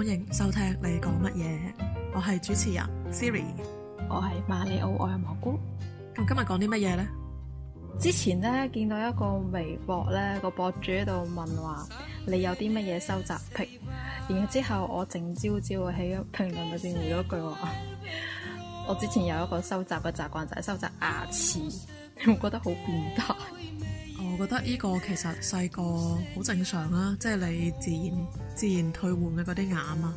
歡迎收聽，你講乜嘢？我係主持人 Siri，我係馬里奧愛蘑菇。咁今日講啲乜嘢咧？之前咧見到一個微博咧個博主喺度問話，你有啲乜嘢收集癖？然之後我靜朝朝喺評論裏邊回咗句話：我之前有一個收集嘅習慣就係收集牙齒，你 會覺得好變態？覺得呢個其實細個好正常啦、啊，即係你自然自然退換嘅嗰啲牙啊。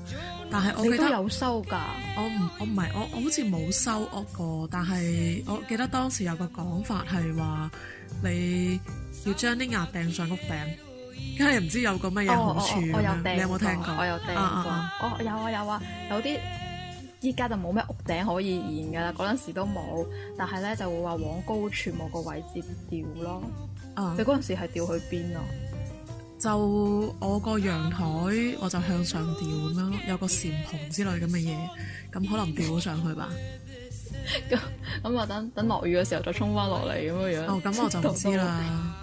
但係我記得有收噶，我唔我唔係屋，我好似冇收屋過。但係我記得當時有個講法係話你要將啲牙掟上屋頂，梗係唔知有個乜嘢好處、啊。你有冇聽過？我有掟過，我有啊有啊，有啲依家就冇咩屋頂可以現噶啦。嗰陣時都冇，但係咧就會話往高處冇個位置掉咯。啊！你嗰陣時係掉去邊啊？就我個陽台，我就向上掉咁樣，有個簷篷之類咁嘅嘢，咁可能掉上去吧。咁咁啊，等等落雨嘅時候再衝翻落嚟咁嘅樣。哦，咁我就唔知啦。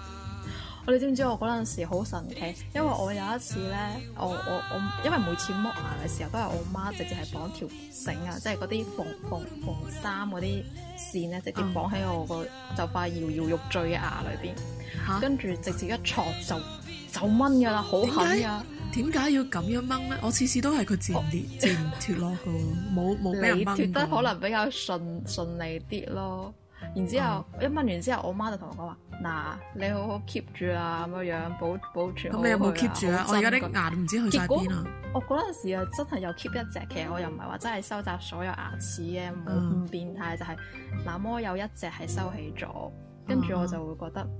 你知唔知我嗰陣時好神奇？因為我有一次咧，我我我，因為每次剝牙嘅時候都係我媽直接係綁條繩啊，即係嗰啲縫縫縫衫嗰啲線咧，直接綁喺我個就快搖搖欲墜嘅牙裏邊，跟住直接一挫就就掹噶啦，好狠啊！點解要咁樣掹咧？我次次都係佢自然、哦、 自然脫落噶，冇冇俾人掹噶。你脫得可能比較順順利啲咯。然之後一問完之後，嗯、我媽就同我講話：嗱，你好好 keep 住啦，咁樣樣保保住。」你有冇 keep 住啊？我而家啲牙都唔知去晒邊啊！我嗰陣時啊，真係又 keep 一隻。其實我又唔係話真係收集所有牙齒嘅，唔咁、嗯、變態就係、是、那麼有一隻係收起咗。跟住我就會覺得、嗯、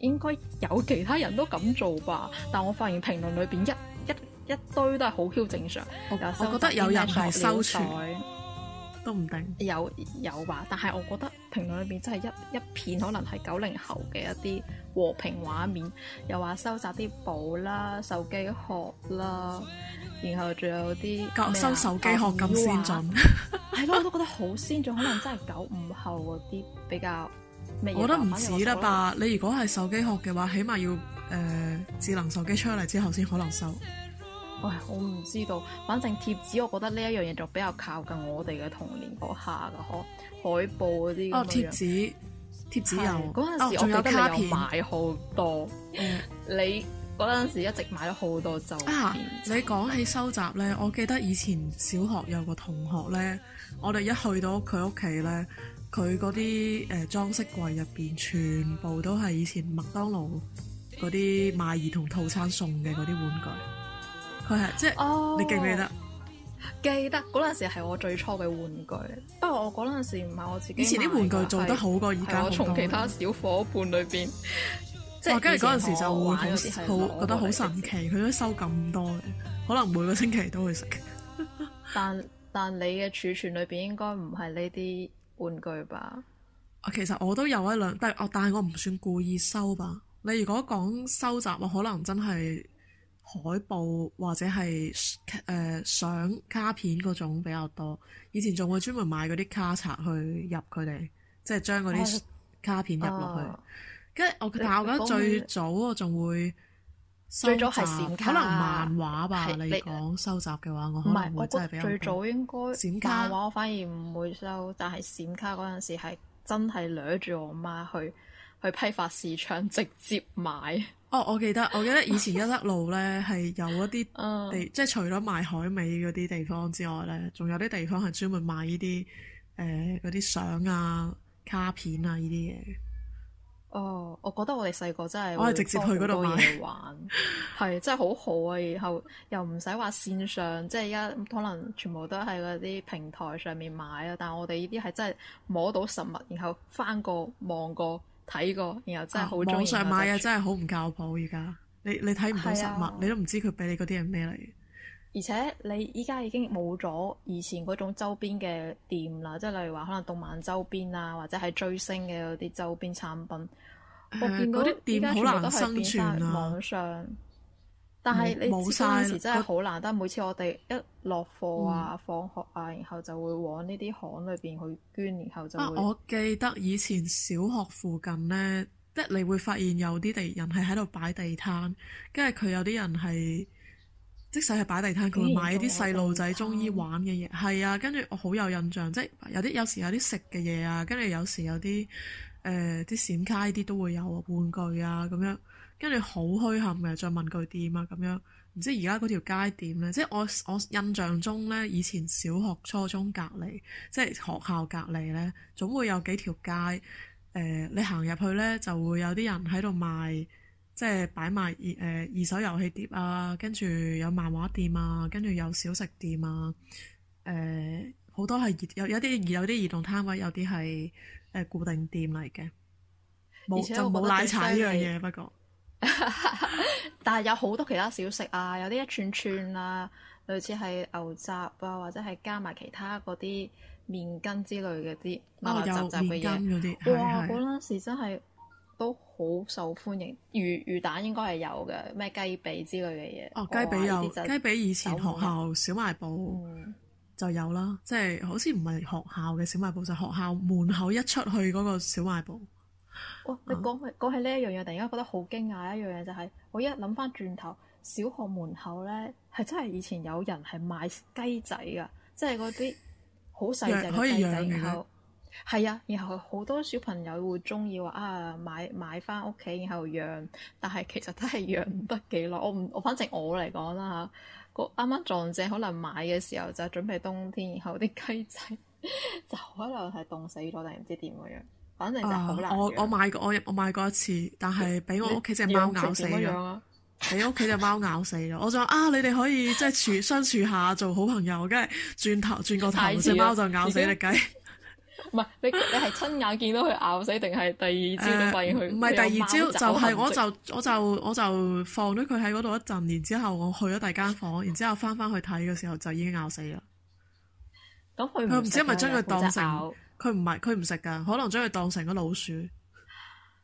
應該有其他人都咁做吧。但我發現評論裏邊一一一,一堆都係好 Q 正常。我我覺得有人係收存都唔定，有有，有吧，但係我覺得。評論裏邊真係一一片，可能係九零後嘅一啲和平畫面，又話收集啲簿啦、手機殼啦，然後仲有啲收手機殼咁先進，係 咯， 我都覺得好先進，可能真係九五後嗰啲比較。我覺得唔止啦吧，你如果係手機殼嘅話，起碼要誒、呃、智能手機出嚟之後先可能收。喂，我唔知道，反正貼紙，我覺得呢一樣嘢就比較靠近我哋嘅童年嗰下噶，可。海報嗰啲、哦，哦貼紙，貼紙有。嗰陣時仲有卡片有買好多，嗯、你嗰陣時一直買咗好多就。啊，你講起收集咧，我記得以前小學有個同學咧，我哋一去到佢屋企咧，佢嗰啲誒裝飾櫃入邊全部都係以前麥當勞嗰啲賣兒童套餐送嘅嗰啲玩具，佢係即係你記唔記得？記得嗰陣時係我最初嘅玩具，不過我嗰陣時唔係我自己。以前啲玩具做得好過而家好多。我從其他小夥伴裏邊，即係跟住嗰陣時就會好好覺得好神奇，佢都收咁多嘅，可能每個星期都會食。但但你嘅儲存裏邊應該唔係呢啲玩具吧？啊，其實我都有一兩，但係我但係我唔算故意收吧。你如果講收集，我可能真係。海報或者係誒相卡片嗰種比較多，以前仲會專門買嗰啲卡冊去入佢哋，即係將嗰啲卡片入落去。跟住、啊、我，你但我覺得最早我仲會收。最早係閃卡。可能漫畫吧？是你講你收集嘅話，我唔係我覺得最早應該閃卡漫畫，我反而唔會收。但係閃卡嗰陣時係真係攞住我媽去去，去批發市場直接買。哦，我記得，我記得以前一德路咧係 有一啲地，嗯、即係除咗賣海味嗰啲地方之外咧，仲有啲地方係專門賣呢啲誒嗰啲相啊、卡片啊呢啲嘢。哦，我覺得我哋細個真係我係、啊、直接去嗰度買玩，係 真係好好啊！然後又唔使話線上，即係而家可能全部都喺嗰啲平台上面買啊。但係我哋呢啲係真係摸到實物，然後翻過望過。睇過，然後真係好中意。網上買嘢真係好唔靠譜，而家你你睇唔到實物，啊、你都唔知佢俾你嗰啲係咩嚟。而且你依家已經冇咗以前嗰種周邊嘅店啦，即係例如話可能動漫周邊啊，或者係追星嘅嗰啲周邊產品。我見嗰啲店好難生存啊！網上但係你冇晒，陣時真係好難，但每次我哋一落課啊、嗯、放學啊，然後就會往呢啲行裏邊去捐，然後就、啊。我記得以前小學附近呢，即係你會發現有啲地人係喺度擺地攤，跟住佢有啲人係，即使係擺地攤，佢會買一啲細路仔中意玩嘅嘢。係、嗯、啊，跟住我好有印象，即係有啲有時有啲食嘅嘢啊，跟住有時有啲誒啲閃卡依啲都會有啊，玩具啊咁樣。跟住好虛憾，嘅，再問佢店啊咁樣，唔知而家嗰條街點呢？即係我我印象中呢，以前小學、初中隔離，即係學校隔離呢，總會有幾條街誒、呃，你行入去呢，就會有啲人喺度賣，即係擺賣二誒、呃、二手遊戲碟啊，跟住有漫畫店啊，跟住有小食店啊，誒、呃、好多係有有啲有啲移動攤位，有啲係誒固定店嚟嘅，冇而且 就冇奶茶呢樣嘢不過。 但係有好多其他小食啊，有啲一串串啊，類似係牛雜啊，或者係加埋其他嗰啲麵筋之類嘅啲麻雜雜嘅嘢。啲、哦，有麵筋嗰啲。哇，嗰陣哇是時真係都好受歡迎。魚魚蛋應該係有嘅，咩雞髀之類嘅嘢。哦，雞髀有雞髀，哦、雞以前學校小賣部就有啦。即係、嗯、好似唔係學校嘅小賣部，就是、學校門口一出去嗰個小賣部。哇、哦！你講起講起呢一樣嘢，突然間覺得好驚訝。一樣嘢就係、是，我一諗翻轉頭，小學門口咧係真係以前有人係賣雞仔噶，即係嗰啲好細隻嘅雞仔。嗯、然後係啊，然後好多小朋友會中意話啊買買翻屋企，然後養。但係其實都係養唔得幾耐。我唔我反正我嚟講啦吓，個啱啱撞正可能買嘅時候就準備冬天，然後啲雞仔 就可能係凍死咗定唔知點嘅樣。反正就啊！我我買過我我買過一次，但係俾我屋企隻貓咬死咗。俾屋企隻貓咬死咗。我就話啊，你哋可以即係處相處下，做好朋友。跟住轉頭轉個頭，隻貓就咬死隻雞。唔係你你係親眼見到佢咬死定係第二朝都發現佢？唔係第二朝就係我就我就我就放咗佢喺嗰度一陣，然之後我去咗第二間房，然之後翻翻去睇嘅時候就已經咬死啦。咁佢唔知係咪將佢當成？佢唔係佢唔食噶，可能將佢當成個老鼠，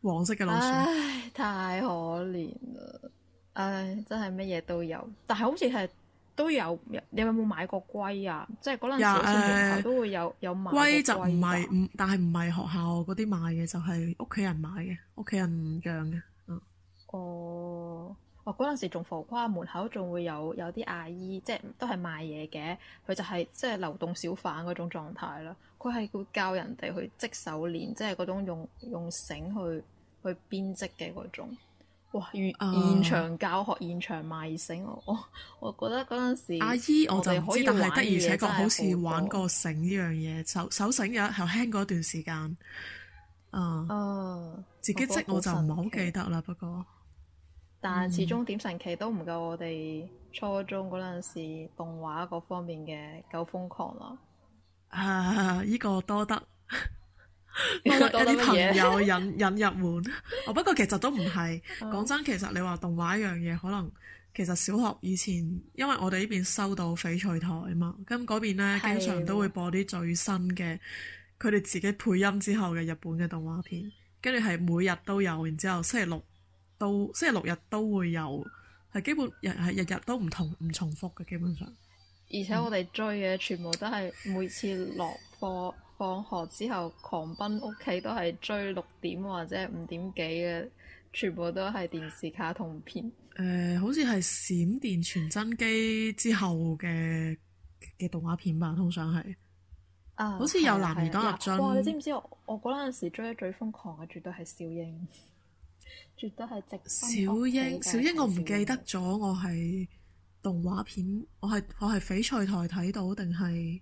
黃色嘅老鼠。唉，太可憐啦！唉，真係乜嘢都有，但係好似係都有。你有冇買過龜啊？即係嗰陣時都，都會有買有賣龜。就唔係唔，但係唔係學校嗰啲賣嘅，就係屋企人買嘅，屋企人養嘅。嗯。哦。啊，嗰陣時仲浮誇，門口仲會有有啲阿姨，即係都係賣嘢嘅。佢就係、是、即係流動小販嗰種狀態啦。佢係會教人哋去織手鏈，即係嗰種用用繩去去編織嘅嗰種。哇！現場教學、現場賣繩，我我覺得嗰陣時阿姨我就我可以。但係得而且確好似玩過繩呢樣嘢，手手繩有係輕過一段時間。啊！啊自己織我就唔好記得啦，不過。但始終點神奇都唔夠我哋初中嗰陣時動畫嗰方面嘅夠瘋狂啦！呢依、uh, 個多得, 多得一啲朋友引 引入門。哦， 不過其實都唔係。講、uh. 真，其實你話動畫一樣嘢，可能其實小學以前，因為我哋呢邊收到翡翠台啊嘛，咁嗰邊呢的經常都會播啲最新嘅佢哋自己配音之後嘅日本嘅動畫片，跟住係每日都有，然之後星期六。到星期六日都會有，係基本日係日日都唔同唔重複嘅，基本上。而且我哋追嘅全部都係每次落課放學之後狂奔屋企，都係追六點或者五點幾嘅，全部都係電視卡通片。誒、呃，好似係《閃電傳真機》之後嘅嘅動畫片吧，通常係。啊！好似像有、啊《男兒當入樽》。哇！你知唔知我我嗰陣時追得最瘋狂嘅，絕對係《小英》。絕對係值得。小英，小英，小英我唔記得咗、嗯，我係動畫片，我係我係翡翠台睇到，定係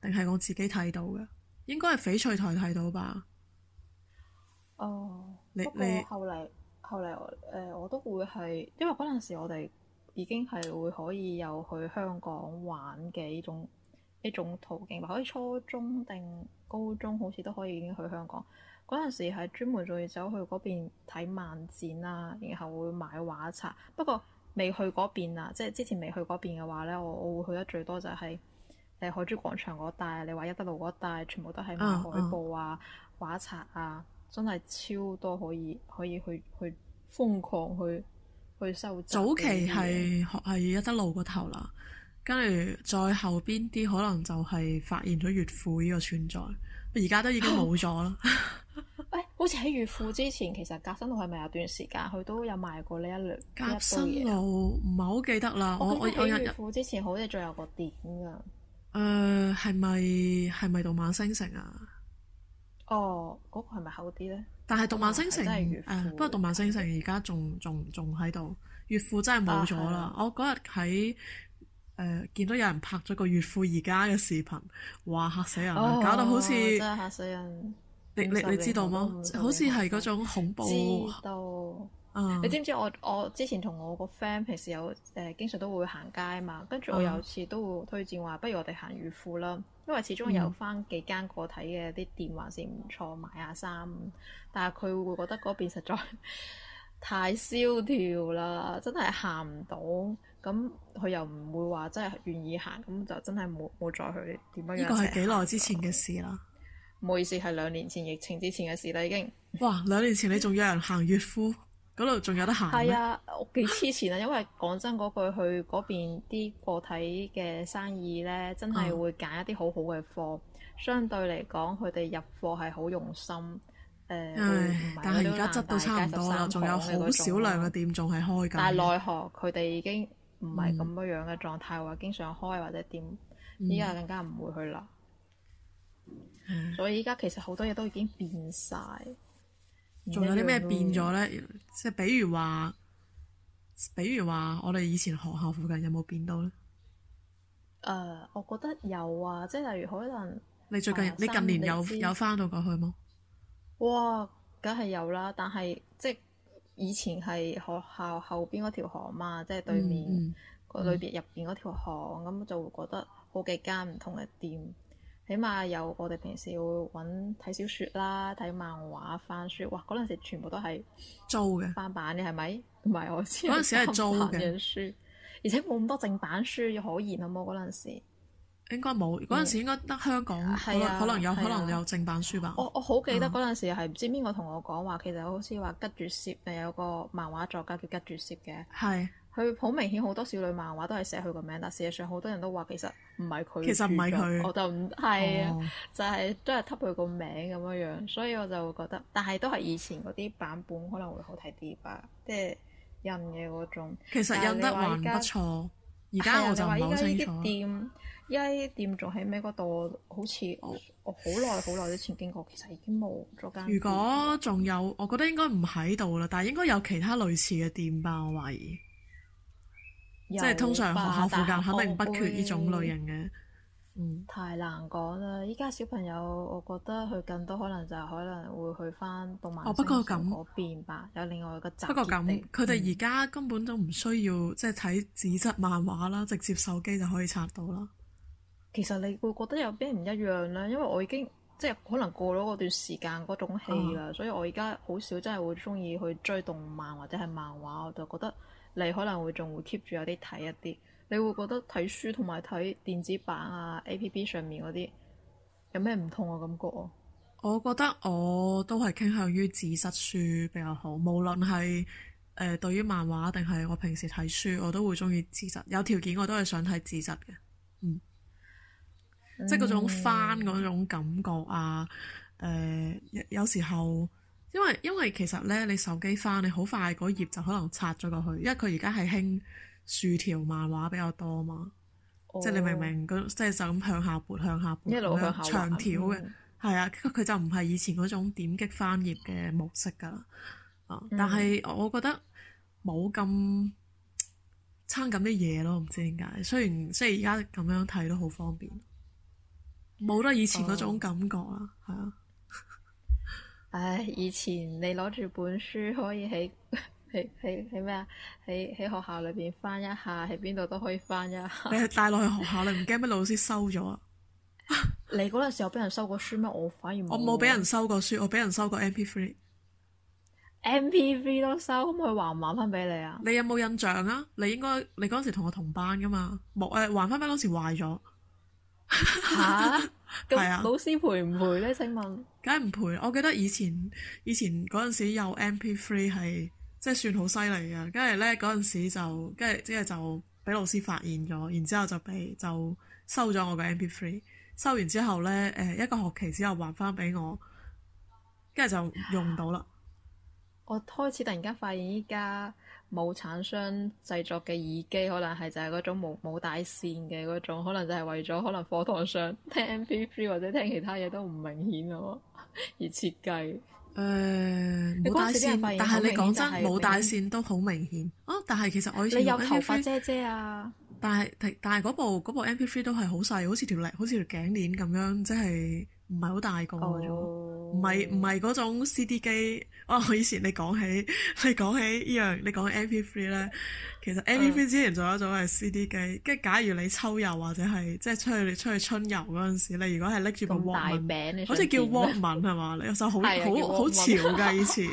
定係我自己睇到嘅？應該係翡翠台睇到吧。哦。你。不過後嚟你後嚟，誒、呃，我都會係，因為嗰陣時我哋已經係會可以有去香港玩嘅呢種一種途徑，或者初中定高中好似都可以已經去香港。嗰陣時係專門仲要走去嗰邊睇漫展啊，然後會買畫冊。不過未去嗰邊啊，即係之前未去嗰邊嘅話呢，我我會去得最多就係、是、誒海珠廣場嗰帶，你話一德路嗰帶，全部都係賣海報啊、畫冊、uh, uh, 啊，真係超多可以可以去可以去，去瘋狂去去收集。早期係係一德路嗰頭啦，跟住再後邊啲可能就係發現咗「月府」呢個存在，而家都已經冇咗啦。 誒、 欸，好似喺月富之前，其實革新路係咪有段時間佢都有賣過呢一類？革新路唔係好記得啦。我覺得月富之前好似仲有個點噶。誒，係咪係咪動漫星城啊？哦，嗰，那個係咪厚啲咧，嗯？但係動漫星城誒，不過動漫星城而家仲仲仲喺度。月富真係冇咗啦。啊，我嗰日喺誒見到有人拍咗個月富而家嘅視頻，哇嚇死，死人！ 搞到好似真係嚇死人。你你你知道嗎？好似係嗰種恐怖。知道。Uh, 你知唔知我我之前同我個 friend 平時有誒、呃、經常都會行街嘛？跟住我有次都會推薦話，不如我哋行裕富啦。因為始終有返幾間個體嘅啲店還是唔錯，買下衫。但係佢會覺得嗰邊實在太蕭條啦，真係行唔到。咁佢又唔會話真係願意行，咁就真係冇冇再去點樣樣。呢個係幾耐之前嘅事啦。唔好意思，係兩年前疫情之前嘅事啦，已經。哇！兩年前你仲有人行月夫嗰度，仲有得行咩？係啊，我幾黐線啊！因為講真，嗰句去嗰邊啲個體嘅生意咧，真係會揀一啲好好嘅貨，相對嚟講，佢哋入貨係好用心。誒，但係而家質都差唔多，仲有好少量嘅店仲係開緊。但係奈何佢哋已經唔係咁樣嘅狀態，話經常開或者店，依家更加唔會去啦。所以依家其實好多嘢都已經變晒，仲有啲咩變咗咧？即係比如話，比如話我哋以前學校附近有冇變到咧？誒，uh, 我覺得有啊，即係例如可能你最近你近年有有翻到過去冇？哇，梗係有啦，但係即係以前係學校後邊嗰條巷嘛，即係、嗯、對面個、嗯、裏邊入邊嗰條巷，咁、嗯、就會覺得好幾間唔同嘅店。起碼有我哋平時會揾睇，小說啦，睇漫畫、翻書，哇！嗰陣時全部都係租嘅的翻版嘅係咪？唔，係我嗰陣時係租嘅書，而且冇咁多正版書可言啊！冇，嗰陣時，應該冇嗰陣時應該得香港的可能有，可能有正版書吧。我我好記得嗰陣、嗯、時，係唔知邊個同我講話，其實好似話吉住攝誒，有個漫畫作家叫吉住攝嘅係。的佢好明顯，好多少女漫畫都係寫佢個名，但事實上好多人都話其實唔係佢，其實唔係佢，我就唔係、哦、就係都係執佢個名咁樣樣，所以我就會覺得。但係都係以前嗰啲版本可能會好睇啲吧，即係印嘅嗰種。其實印得還不錯。而家我就唔太清楚。而家啲店，因為啲店仲喺咩嗰度？好似、哦、我好耐好耐之前經過，其實已經冇咗間店。如果仲有，我覺得應該唔喺度啦，但係應該有其他類似嘅店吧？我懷疑。即係通常學校附近肯定不缺呢種類型嘅，嗯，太難講啦！依家小朋友，我覺得佢更多可能就係可能會去翻動漫哦，不過咁嗰邊吧，有另外一個集。不過咁，佢哋而家根本都唔需要即係睇紙質漫畫啦，嗯、直接手機就可以刷到啦。其實你會覺得有邊唔一樣啦，因為我已經即係可能過咗嗰段時間嗰種戲啦，啊、所以我而家好少真係會中意去追動漫或者係漫畫，我就覺得。你可能會仲會 keep 住有啲睇一啲，你會覺得睇書同埋睇電子版啊 A P P 上面嗰啲有咩唔同嘅感覺？我覺得我都係傾向於紙質書比較好，無論係誒、呃、對於漫畫定係我平時睇書，我都會中意紙質。有條件我都係想睇紙質嘅，嗯，嗯即係嗰種翻嗰種感覺啊，誒、呃、有時候。因為因為其實咧，你手機翻你好快嗰頁就可能拆咗過去，因為佢而家係興豎條漫畫比較多嘛，oh. 即係你明唔明？那個、即係就咁向下撥向下撥一長條嘅，係、嗯、啊，佢就唔係以前嗰種點擊翻頁嘅模式噶啦，啊嗯、但係我覺得冇咁差咁啲嘢咯，唔知點解。雖然即係而家咁樣睇都好方便，冇得以前嗰種感覺啦，係啊。唉，以前你攞住本書可以喺喺喺喺咩啊？喺喺學校裏邊翻一下，喺邊度都可以翻一下。你係帶落去學校，你唔驚咩老師收咗啊？ 你嗰陣時候有俾人收過書咩？我反而我冇俾人收過書，我俾人收過 MP3。MP3 都收，可唔可以還返翻俾你啊？你有冇印象啊？你應該你嗰陣時同我同班㗎嘛？冇誒，還翻返嗰時壞咗。吓，係蛤 啊，老師賠唔賠呢？請問，梗係唔賠。我記得以前以前嗰陣時有 M P three 係即係算好犀利啊。跟住呢，嗰陣時就跟住即係就俾老師發現咗，然之後就俾就收咗我嘅 M P three。收完之後呢，誒，一個學期之後還翻俾我，跟住就用到啦。我開始突然間發現依家。冇產商製作嘅耳機，可能係就係嗰種冇冇帶線嘅嗰種，可能就係為咗可能課堂上聽 MP3 或者聽其他嘢都唔明顯咯，而設計。誒、呃，冇帶線，但係你講真冇帶線都好明顯啊！但係其實我以前3，你有頭髮遮遮啊，但係但係嗰部嗰部 MP3 都係好細，好似條領，好似條頸鏈咁樣，即係。唔係好大個，唔係唔係嗰種 CD 機。哇、哦！我以前你講起，你講起依、這、樣、個，你講起 MP3 咧，其實 MP3 之前仲有一種係 CD 機。跟住、嗯、假如你秋遊或者係即係出去出去春遊嗰陣時，你如果係拎住部汪文，好似叫汪文係嘛？你首好好好潮㗎，以前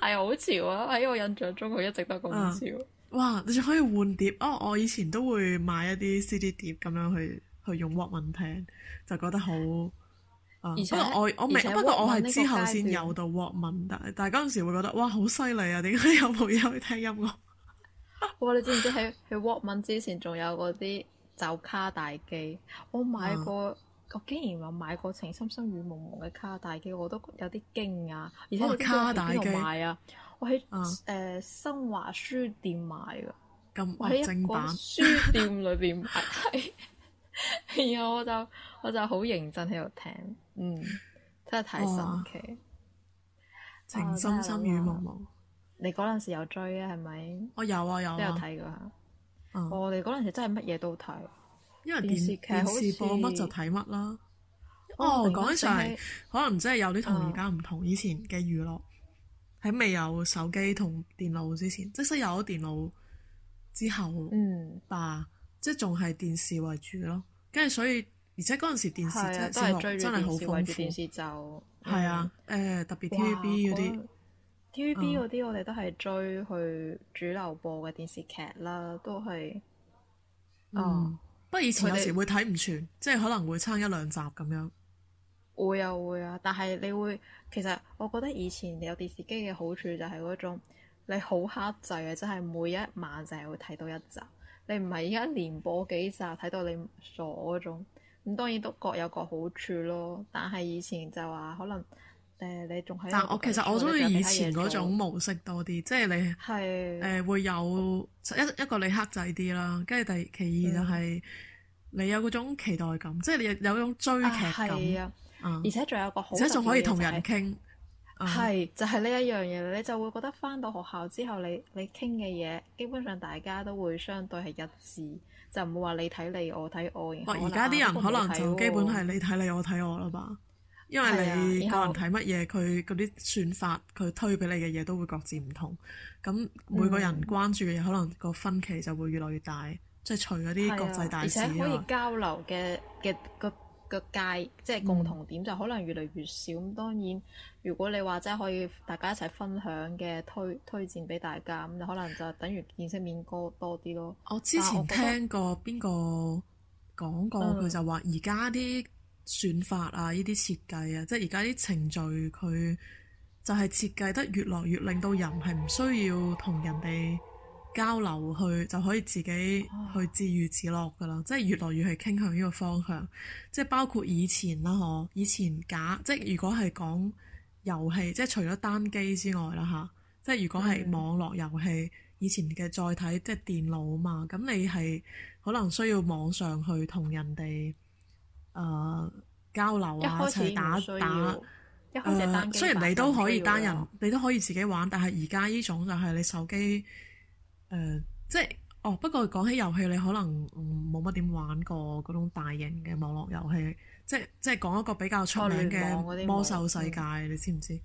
係好 潮啊！喺我印象中，佢一直都咁潮、嗯。哇！你仲可以換碟哦！我以前都會買一啲 CD 碟咁樣去。去用 walkman 聽就覺得好，不過我我未，不過我係之後先有到 walkman，但係但係嗰陣時會覺得哇，好犀利啊！點解有冇嘢去以聽音樂？哇！你知唔知喺喺 walkman 之前仲有嗰啲酒卡大機？我買過，啊、我竟然話買過情深深雨濛濛嘅卡大機，我都有啲驚啊！而且、啊、你知唔知喺邊度買啊？我喺誒、啊啊啊、新華書店買噶，喺正版我書店裏邊買。 然後我就我就好認真喺度聽，嗯，真係太神奇。情深深雨濛濛，你嗰陣時有追啊？係咪？我有啊有，都有睇過。我哋嗰陣時真係乜嘢都睇，因為電視劇好似播乜就睇乜啦。哦，講起上嚟，可能真係有啲同而家唔同。以前嘅娛樂喺未有手機同電腦之前，即使有咗電腦之後，嗯，但。即係仲係電視為主咯，跟住所以而且嗰陣時電視真係、啊、學追住電視真為主，電視就係、嗯、啊誒、欸、特別 TVB 嗰啲，TVB 嗰啲我哋都係追去主流播嘅電視劇啦，嗯、都係，嗯，不過以前有時會睇唔全，們即係可能會差一兩集咁樣。會啊會啊，但係你會其實我覺得以前有電視機嘅好處就係嗰種你好剋制嘅，即係每一晚就係會睇到一集。你唔係依家連播幾集睇到你傻嗰種，咁當然都各有各好處咯。但係以前就話可能，誒、呃、你仲喺，但係我其實我中意以前嗰種模式多啲，即係你誒的、呃、會有、嗯、一一個你黑仔啲啦，跟住第其二就係、是、的你有嗰種期待感，即係你有有種追劇感，啊啊、而且仲有個好、而且仲可以同人傾。就是係、uh，就係呢一樣嘢，你就會覺得翻到學校之後你，你你傾嘅嘢基本上大家都會相對係一致，就唔會話你睇你，我睇我。而家啲人可能就基本係你睇你，我睇我啦吧。因為你個人睇乜嘢，佢嗰啲算法佢推俾你嘅嘢都會各自唔同。咁每個人關注嘅嘢、嗯、可能個分歧就會越來越大，即、就、係、是、除咗啲國際大事、啊、而且可以交流嘅嘅個。個界即係共同點，嗯、就可能越嚟越少。咁當然，如果你話即係可以大家一齊分享嘅推推薦俾大家咁，就可能就等於見識面高多啲咯。我之前我聽過邊個講過，佢就話而家啲算法啊，呢啲、嗯、設計啊，即係而家啲程序佢就係設計得越來越令到人係唔需要同人哋。交流去就可以自己去自娛自樂噶啦，oh. 即係越來越係傾向呢個方向。即係包括以前啦，嗬，以前假即係如果係講遊戲，即係除咗單機之外啦，吓即係如果係網絡遊戲，oh. 以前嘅載體即係電腦啊嘛，咁你係可能需要網上去同人哋誒、呃、交流啊，一齊打打一齊打、誒、呃。雖然你都可以單人，你都可以自己玩，但係而家呢種就係你手機。誒、嗯，即係哦，不過講起遊戲，你可能冇乜點玩過嗰種大型嘅網絡遊戲，即係即係講一個比較出名嘅《魔獸世界》，你知唔知？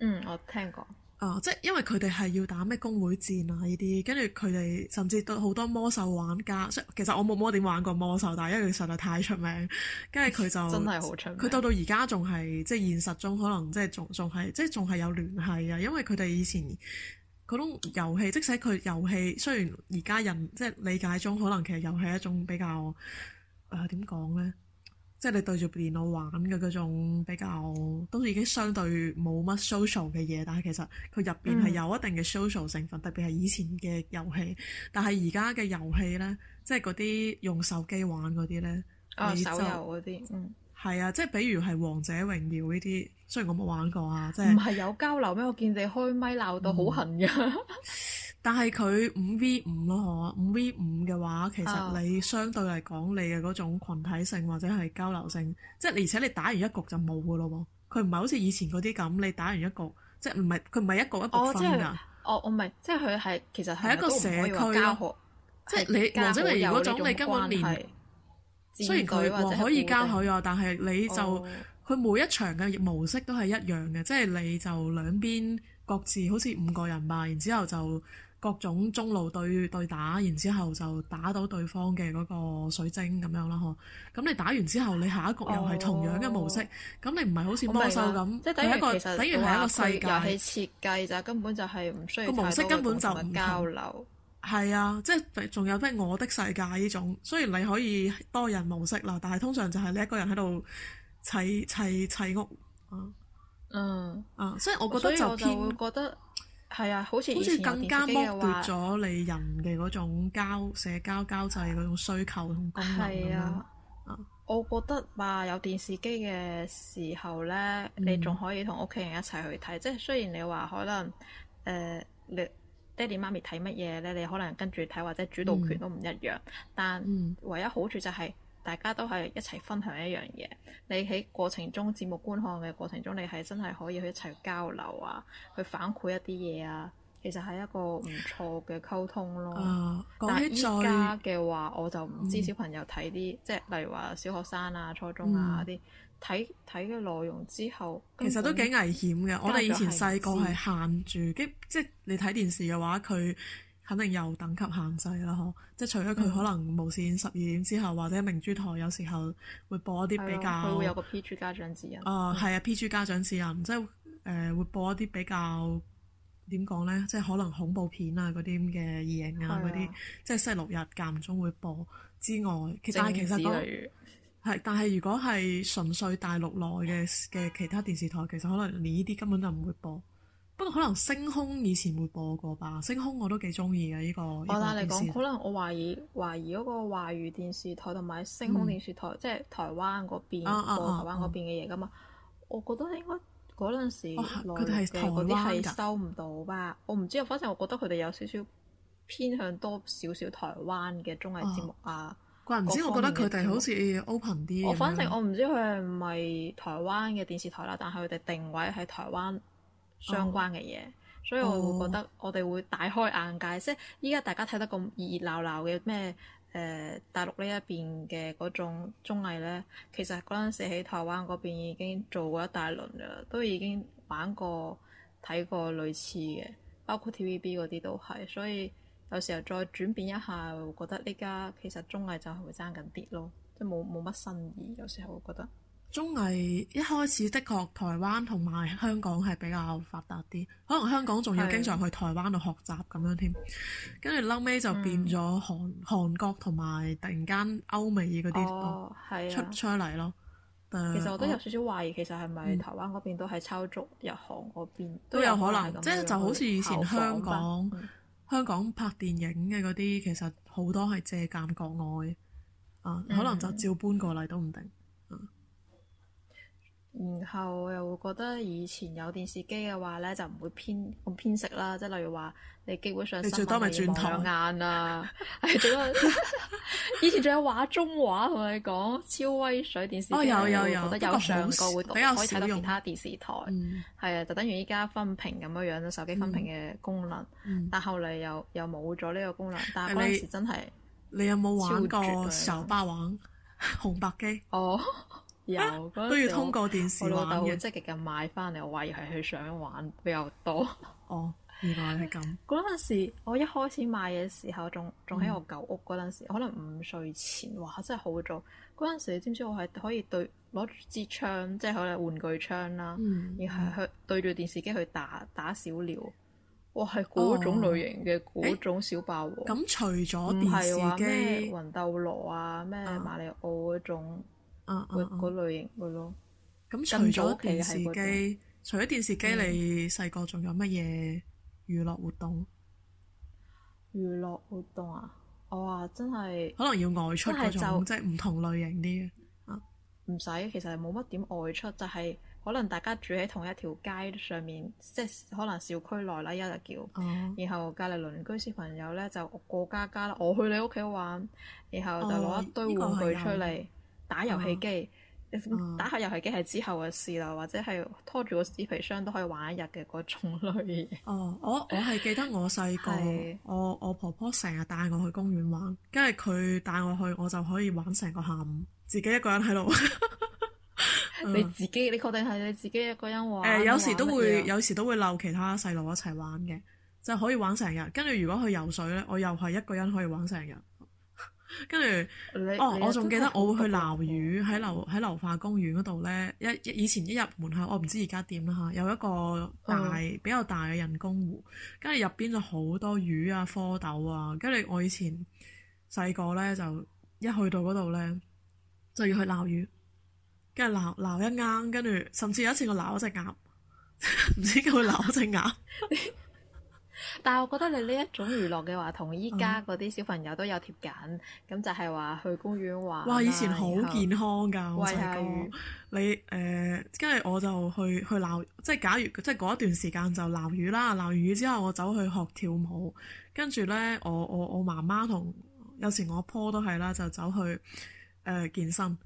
嗯，我聽過。啊、嗯，即係因為佢哋係要打咩公會戰啊呢啲，跟住佢哋甚至到好多魔獸玩家，所以其實我冇乜點玩過魔獸，但係因為佢實在太出名，跟住佢就真係好出名。佢到到而家仲係即係現實中，可能、即係、即係仲仲係即係仲係有聯繫啊，因為佢哋以前。嗰種遊戲，即使佢遊戲，雖然而家人即係理解中，可能其實遊戲係一種比較誒，點講呢，即係你對住電腦玩嘅嗰種比較，都已經相對冇乜 social 嘅嘢。但係其實佢入邊係有一定嘅 social 成分，嗯、特別係以前嘅遊戲，但係而家嘅遊戲呢，即係嗰啲用手機玩嗰啲呢，啊、哦、就手遊嗰啲，嗯。係啊，即係比如係王者榮耀呢啲，雖然我冇玩過啊，即係。唔係有交流咩？我見你開咪鬧到好痕㗎。嗯、 但係佢五 V 五咯，嗬，五 V 五嘅話，其實你相對嚟講，你嘅嗰種羣體性或者係交流性，即係而且你打完一局就冇噶咯喎。佢唔係好似以前嗰啲咁，你打完一局，即係唔係佢唔係一局一個局分噶、哦。哦，我唔係，即係佢係其實係一個社區，即係你王者榮耀嗰種你根本連。雖然佢可以加口友，但係你就佢、oh. 每一場嘅模式都係一樣嘅，即、就、係、是、你就兩邊各自好似五個人吧，然之後就各種中路對對打，然之後就打到對方嘅嗰個水晶咁樣啦呵。咁你打完之後，你下一局又係同樣嘅模式，咁、oh. 你唔係好似魔獸咁，佢係一個等於係一,一個世界遊戲設計就根本就係唔需要模式根本就唔交流。係啊，即係仲有咩我的世界呢種？雖然你可以多人模式啦，但係通常就係你一個人喺度砌砌砌屋。啊、嗯嗯、啊，所以我覺得就偏就會覺得係啊，好似好似更加剝奪咗你人嘅嗰種交社交交際嗰種需求同功能。係、嗯、啊，我覺得吧，有電視機嘅時候呢，你仲可以同屋企人一齊去睇。嗯、即係雖然你話可能誒、呃、你。爹哋媽咪睇乜嘢咧？你可能跟住睇或者主導權都唔一樣，嗯、但唯一好處就係、係、大家都係一齊分享一樣嘢。你喺過程中節目觀看嘅過程中，你係真係可以去一齊交流啊，去反饋一啲嘢啊。其實係一個唔錯嘅溝通咯。但係依家嘅話，我就唔知小朋友睇啲，即係例如話小學生啊、初中啊啲睇睇嘅內容之後，其實都幾危險嘅。我哋以前細個係限住，即係你睇電視嘅話，佢肯定有等級限制啦。嗬，即係除咗佢可能無線十二點之後，或者明珠台有時候會播一啲比較，佢會有個 PG 家長指引。啊，係啊，PG 家長指引，即係誒會播一啲比較。點講咧？即係可能恐怖片啊，嗰啲嘅異影啊，嗰啲即係星期六日間唔中會播之外，政治 但係其實嗰、那、係、個、如但係如果係純粹大陸內嘅嘅其他電視台，其實可能連呢啲根本都唔會播。不過可能星空以前會播過吧。星空我都幾中意嘅呢個。我但、啊啊、你講，可能我懷疑懷疑嗰個華語電視台同埋星空電視台，嗯、即係台灣嗰邊台灣嗰邊嘅嘢噶嘛？我覺得應該。嗰陣時來嘅嗰啲係收唔到吧？我唔知啊，反正我覺得佢哋有少少偏向多少少台灣嘅綜藝節目啊。怪唔之，我覺得佢哋好似 open 啲。我反正我唔知佢係咪台灣嘅電視台啦，但係佢哋定位係台灣相關嘅嘢，哦、所以我會覺得我哋會大開眼界。哦、即係依家大家睇得咁熱熱鬧鬧嘅咩？誒、呃、大陸呢一邊嘅嗰種綜藝咧，其實嗰陣時喺台灣嗰邊已經做過一大輪嘅，都已經玩過睇過類似嘅，包括 TVB 嗰啲都係，所以有時候再轉變一下，會覺得呢家其實綜藝就係會爭緊啲咯，即，冇冇乜新意，有時候會覺得。綜藝一開始的確台灣同埋香港係比較發達啲，可能香港仲要經常去台灣度學習咁樣添，跟住的後屘就變咗韓、嗯、韓國同埋突然間歐美嗰啲出、哦、出嚟咯。Uh, 其實我都有少少懷疑，其實係咪台灣嗰邊都係抄襲日韓嗰邊、嗯、都有可能，即係就好似以前香港，港、嗯、香港拍電影嘅嗰啲，其實好多係借鑑國外啊，uh, 嗯、可能就照搬過嚟都唔定。然後又會覺得以前有電視機嘅話咧，就唔會偏咁偏食啦。即係例如話，你基本上你最多咪轉台啊。最多 以前仲有畫中畫同你講超威水電視機有有有，有有得有個上過會比較小可以睇到其他電視台。係、嗯、啊，就等於依家分屏咁樣樣手機分屏嘅功能，嗯嗯、但後嚟又又冇咗呢個功能。但係嗰陣時真係你，你有冇玩過小霸王紅白機？哦。 有、啊、都要通過電視，嗰陣時，我老豆好積極嘅買翻嚟，的我懷疑係佢想玩比較多。哦，原來係咁。嗰陣時，我一開始買嘢嘅時候，仲仲喺我舊屋嗰陣時，嗯、可能五歲前，哇，真係好早。嗰陣時，你知唔知我係可以對攞支槍，即係可能玩具槍啦，而係、嗯、去對住電視機去打打小鳥。哇，係嗰種類型嘅嗰、哦、種小霸王。咁除咗電視，係話咩魂斗羅啊，咩馬里奧嗰種。啊啊！嗰、uh, uh, uh. 類型嘅咯，咁、那個、除咗電視機，除咗電視機，嗯、你細個仲有乜嘢娛樂活動？娛樂活動啊！我、oh, 話真係可能要外出嗰種，就即係唔同類型啲啊。唔、uh, 使其實冇乜點外出，就係、是、可能大家住喺同一條街上面，即係可能小區內啦，一就叫，uh. 然後隔籬鄰居小朋友咧就過家家啦。我去你屋企玩，然後就攞一堆玩具出嚟。Uh, 打遊戲機，啊、打下遊戲機係之後嘅事啦，啊、或者係拖住個紙皮箱都可以玩一日嘅嗰種類。哦，我我係記得我細個， 是我我婆婆成日帶我去公園玩，跟住佢帶我去，我就可以玩成個下午，自己一個人喺度。 你自己， 嗯、你確定係你自己一個人玩？誒、呃，有時都會有時都會留其他細路一齊玩嘅，就可以玩成日。跟住如果去游水咧，我又係一個人可以玩成日。跟住，你哦，我仲記得我會去撈魚喺流喺流化公園嗰度呢，一,一以前一入門口，我唔知而家點啦嚇，有一個大比較大嘅人工湖，跟住入邊就好多魚啊、蝌蚪啊，跟住我以前細個呢，就一去到嗰度呢，就要去撈魚，跟住撈撈一啱，跟住甚至有一次我撈咗隻鴨，唔 知點解會撈咗隻鴨。 但係我覺得你呢一種娛樂嘅話，同依家嗰啲小朋友都有貼緊，咁、嗯、就係話去公園玩。哇！以前好健康㗎，係你誒，跟、呃、住我就去去撈，即係假如即係嗰一段時間就撈魚啦，撈完魚之後我走去學跳舞，跟住呢，我我我媽媽同有時我阿婆都係啦，就走去、呃、健身。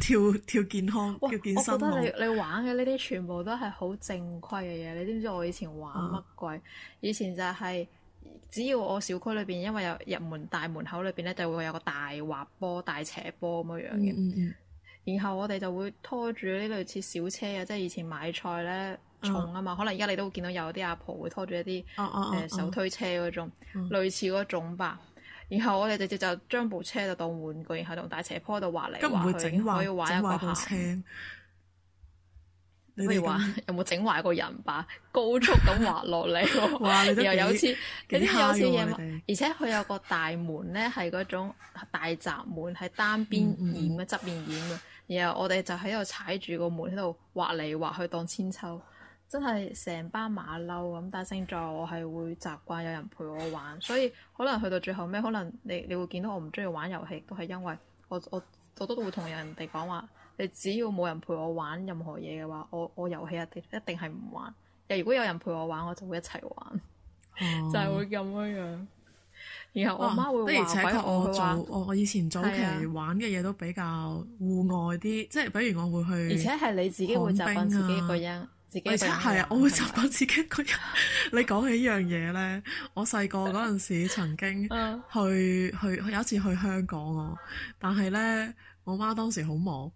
跳跳健康，哇 跳健身。我覺得你你玩嘅呢啲全部都係好正規嘅嘢。你知唔知我以前玩乜鬼？哦、以前就係只要我小區裏邊，因為有入門大門口裏邊咧，就會有個大滑波、大斜波咁樣樣嘅。然後我哋就會拖住呢類似小車啊，即係以前買菜咧、哦、重啊嘛。可能而家你都會見到有啲阿婆會拖住一啲手推車嗰種，哦哦哦、類似嗰種吧。然後我哋直接就將部車就當玩具，然後同大斜坡度滑嚟滑去，壞可以玩一個下。你如話 有冇整壞一個人吧？高速咁滑落嚟， 哇又有次有啲有次嘢，們而且佢有個大門咧係嗰種大閘門，係單邊掩嘅側 邊掩嘅。 然後我哋就喺度踩住個門喺度滑嚟滑去當鞦韆。真係成班馬騮咁，但係星座我係會習慣有人陪我玩，所以可能去到最後尾，可能你你會見到我唔中意玩遊戲，都係因為我我我都會同人哋講話，你只要冇人陪我玩任何嘢嘅話，我我遊戲一定一定係唔玩。又如果有人陪我玩，我就會一齊玩，oh. 就係會咁樣樣。然後我媽、oh, 會說而且我我我,我,我以前早期玩嘅嘢都比較戶外啲，啊、即係比如我會去，而且係你自己會習慣自己一個人。啊而且係啊，我會習慣自己一個人。你講起呢樣嘢咧，我細個陣時曾經去去有一次去香港啊，但係咧我媽當時好忙，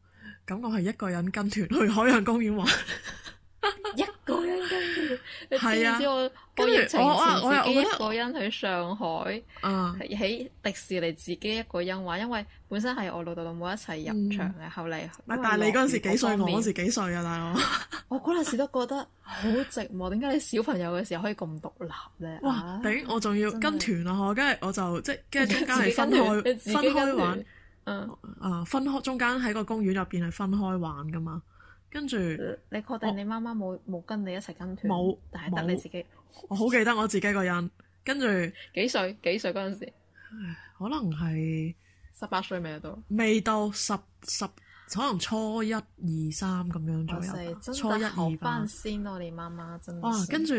咁我係一個人跟團去海洋公園玩。 個人跟住，你知唔知我我以前自己一個人去上海，喺迪士尼自己一個人玩，因為本身係我老豆老母一齊入場嘅，後嚟。但係你嗰陣時幾歲，我嗰時幾歲啊，大佬？我嗰陣時都覺得好寂寞，點解你小朋友嘅時候可以咁獨立咧？哇！頂，我仲要跟團啊，我跟住我就即係跟住中間係分開分開玩，啊，分開中間喺個公園入邊係分開玩噶嘛。跟住，你確定你媽媽冇冇跟你一齊跟團？冇，但係等你自己。我好記得我自己個人。跟住幾歲？幾歲嗰陣時？可能係十八歲未到。未到十十，可能初一二三咁樣左右。初一二班先咯，你媽媽真係。哇！跟住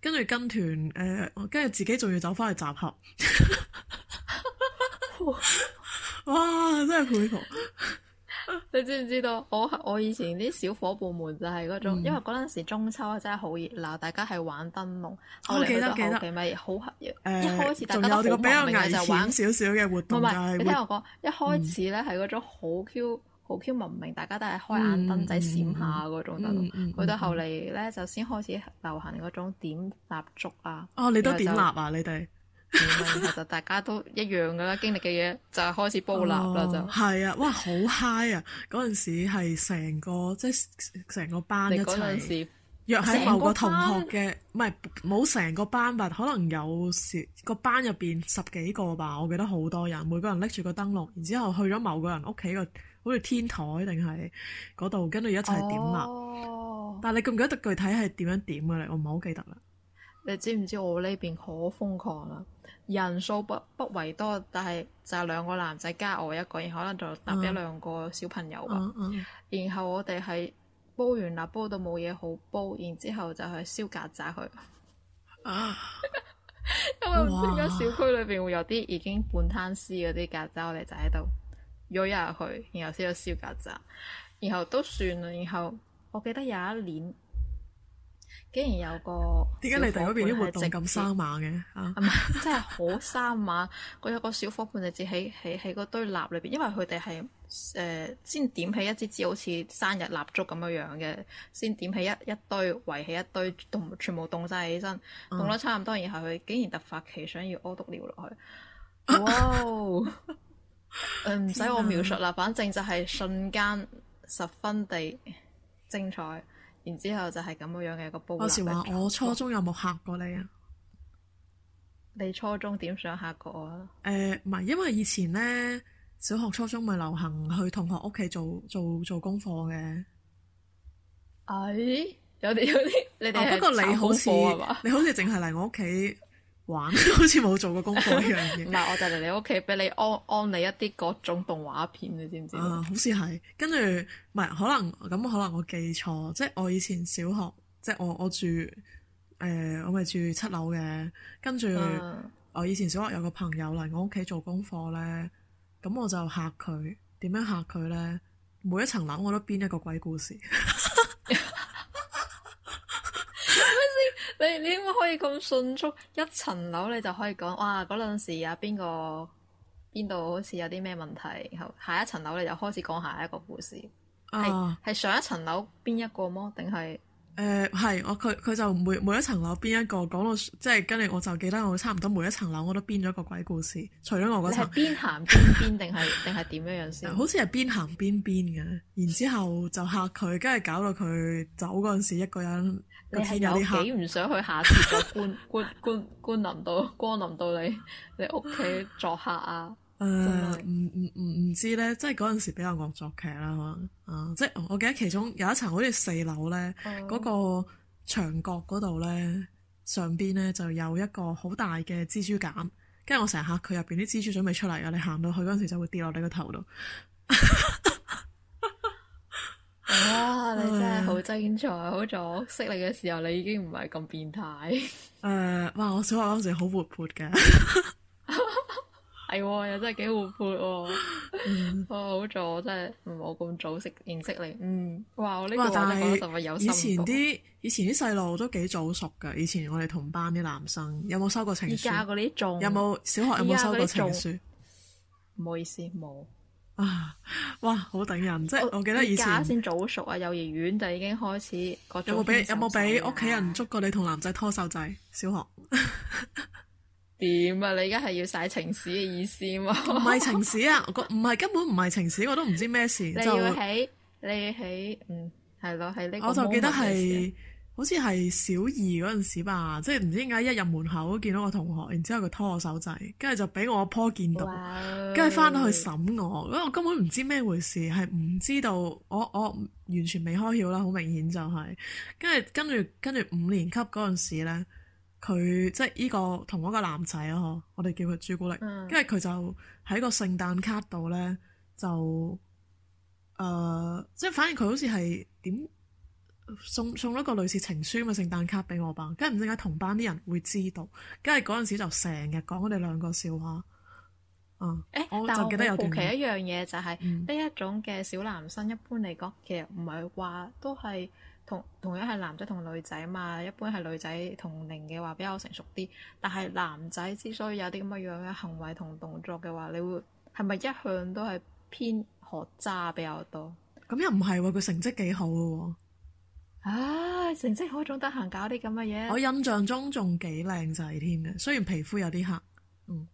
跟住跟團，誒，跟住自己仲要走翻去集合。哇！真係佩服。你知唔知道我我以前啲小伙伴們就係嗰種，因為嗰陣時中秋啊真係好熱鬧，大家係玩燈籠。我記得記得。咪好誒，一開始大家我都好文明嘅，就玩少少嘅活動。唔係，你聽我講，一開始咧係嗰種好 Q 好 Q 文明，大家都係開眼燈仔閃下嗰種。嗯嗯嗯。去到後嚟咧就先開始流行嗰種點蠟燭啊。哦，你都點蠟啊？你哋。問題 大家都一樣噶啦，經歷嘅嘢就係開始煲蠟啦，oh, 就係啊，哇，好嗨啊！嗰陣時係成個即係成個班一齊約喺某個同學嘅，唔係冇成個班吧？可能有少個班入邊十幾個吧，我記得好多人，每個人拎住個燈籠，然之後去咗某個人屋企個，好似天台定係嗰度，跟住一齊點蠟。Oh. 但係你記唔記得具體係點樣點嘅咧？我唔係好記得啦。你知唔知我呢邊好瘋狂啦、啊？人數不不為多，但係就兩個男仔加我一個，然可能就搭一兩個小朋友吧。Uh, uh, uh. 然後我哋係煲完啦，煲到冇嘢好煲，然之後就去燒曱甴去。因為唔知點解哇小區裏邊會有啲已經半攤屍嗰啲曱甴，我哋就喺度一入去，然後先到燒曱甴。然後都算啦。然後我記得有一年。竟然有個點解你哋嗰邊啲活動咁生猛嘅嚇？真係好生猛！佢 有個小伙伴就接喺喺喺堆蠟裏邊，因為佢哋係誒先點起一支支好似生日蠟燭咁樣樣嘅，先點起一一堆圍起一堆凍，全部凍晒起身，凍得差唔多，嗯、然後佢竟然突發奇想要屙督尿落去。哇！唔使、 呃、我描述啦，反正就係瞬間十分地精彩。然之後就係咁樣嘅一個波。有時話我初中有冇嚇過你啊？你初中點想嚇過我啊？誒、呃，唔係，因為以前咧，小學初中咪流行去同學屋企做做做功課嘅。哎，有啲有啲， 你哋們是、哦、不過你好似你好似淨係嚟我屋企。 玩 好似冇做過功課呢樣嘢，唔係，我就嚟你屋企俾你安安你一啲各種動畫片，你知唔知？啊，好似係，跟住唔係，可能咁可能我記錯，即係我以前小學，即係我我住誒、呃，我咪住七樓嘅，跟住、啊、我以前小學有個朋友嚟我屋企做功課咧，咁我就嚇佢，點樣嚇佢咧？每一層樓我都編一個鬼故事。 係咪先？你你點解可以咁迅速一層樓你就可以講哇，嗰陣時啊邊個邊度好似有啲咩問題，然後下一層樓你就開始講下一個故事。係係、uh。上一層樓邊一個麼？定係？誒，係、呃、我佢佢就每每一層樓編一個講到，即係跟住我就記得我差唔多每一層樓我都編咗一個鬼故事，除咗我嗰層。你係邊行邊編定係定係點樣樣先？好似係邊行邊編嘅，然之後就嚇佢，跟住搞到佢走嗰陣時，一個人。 天有你有幾唔想去下次又觀觀觀觀臨到光臨到你你屋企作客啊？誒，唔唔唔唔知咧，即係嗰陣時比較惡作劇啦，可、嗯、啊！即係我記得其中有一層好似四樓咧，嗰、嗯、個牆角嗰度咧，上邊咧就有一個好大嘅蜘蛛繭，跟住我成日嚇佢入邊啲蜘蛛準備出嚟㗎，我你行到去嗰陣時就會跌落你個頭度。 哇！你真係好精彩，嗯、好早識你嘅時候你已經唔係咁變態。誒、嗯，哇！我小學嗰時好活潑嘅。 係又、 嗯、 真係幾活潑，啊好早，真係唔咁早識認識你，嗯，哇我呢、這個就係有以前啲以前啲細路都幾早熟噶，以前我哋同班啲男生有冇收過情書？而家啲仲有冇小學有冇收過情書？唔 好意思冇啊，哇好頂人，我即係我記得以前先早熟啊，幼兒園就已經開始有冇俾有冇俾屋企人捉過你同男仔拖手仔？小學。 點啊！你而家係要晒情史嘅意思嗎？唔係情史啊，唔係 根本唔係情史，我都唔知咩事。就要起，會你起，嗯，係咯，喺呢個。我就記得係，的好似係小二嗰陣時吧，即係唔知點解一入門口見到個同學，然之後佢拖我手仔，跟住就俾我阿婆見到，跟住翻到去審我，因為我根本唔知咩回事，係唔知道，我我完全未開竅啦，好明顯就係、是，跟住跟住跟住五年級嗰陣時咧。佢即係、這、呢個同一個男仔啊，嗬，我哋叫佢朱古力，跟住佢就喺個聖誕卡度咧，就誒、呃、即係反正佢好似係點送送咗個類似情書咁嘅聖誕卡俾我吧。跟住唔知點解同班啲人會知道，跟住嗰陣時就成日講我哋兩個笑話。嗯，誒、欸，我，我就記得有段。其一樣嘢就係、是、呢、嗯、一種嘅小男生，一般嚟講，其實唔係話都係。同同樣係男仔同女仔嘛，一般係女仔同齡嘅話比較成熟啲，但係男仔之所以有啲咁嘅樣嘅行為同動作嘅話，你會係咪一向都係偏學渣比較多？咁又唔係喎，佢成績幾好嘅喎。唉，成績好仲得閒搞啲咁嘅嘢。我印象中仲幾靚仔添嘅，雖然皮膚有啲黑，嗯，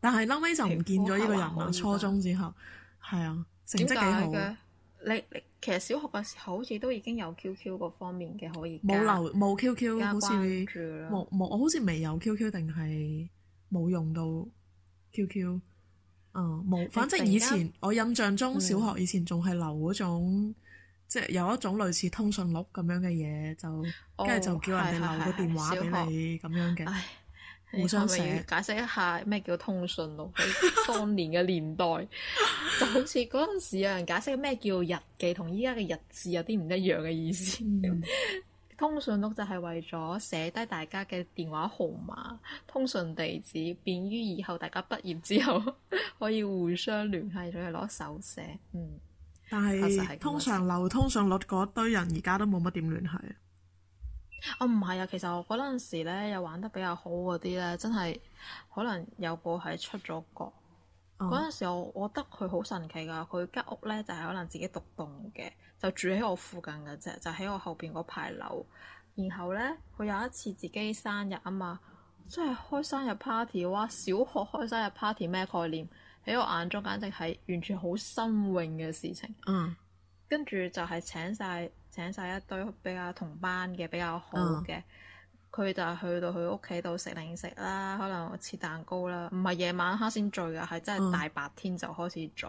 但係嬲尾就唔見咗呢個人啦。初中之後係啊，啊，成績幾好。你你。你其實小學嘅時候好似都已經有 QQ 嗰方面嘅，可以冇留冇 QQ。好似冇冇我好似未有 QQ 定係冇用到 QQ。嗯冇。反正以前我印象中小學以前仲係留嗰種，嗯、即係有一種類似通訊錄咁樣嘅嘢，就跟住、哦、就叫人哋留個電話俾你咁、哦、樣嘅。互相係咪要解釋一下咩叫通訊錄？當年嘅年代 就好似嗰陣時有人解釋咩叫日記，同依家嘅日誌有啲唔一樣嘅意思。嗯、通訊錄就係為咗寫低大家嘅電話號碼、通訊地址，便於以後大家畢業之後可以互相聯繫，仲係攞手寫。嗯，但係是通常留通訊錄嗰堆人而家都冇乜點聯繫。我唔係啊，其實我嗰陣時咧，又玩得比較好嗰啲咧，真係可能有個係出咗國。嗰陣、嗯、時候我我覺得佢好神奇噶，佢間屋咧就係、是、可能自己獨棟嘅，就住喺我附近嘅啫，就喺我後邊嗰排樓。然後咧，佢有一次自己生日啊嘛，即係開生日 party 嘅、啊、小學開生日 party 咩概念？喺我眼中簡直係完全好新穎嘅事情。嗯，跟住就係請晒。請晒一堆比較同班嘅比較好嘅，佢、嗯、就去到佢屋企度食零食啦，可能切蛋糕啦，唔係夜晚黑先聚嘅，係真係大白天就開始聚，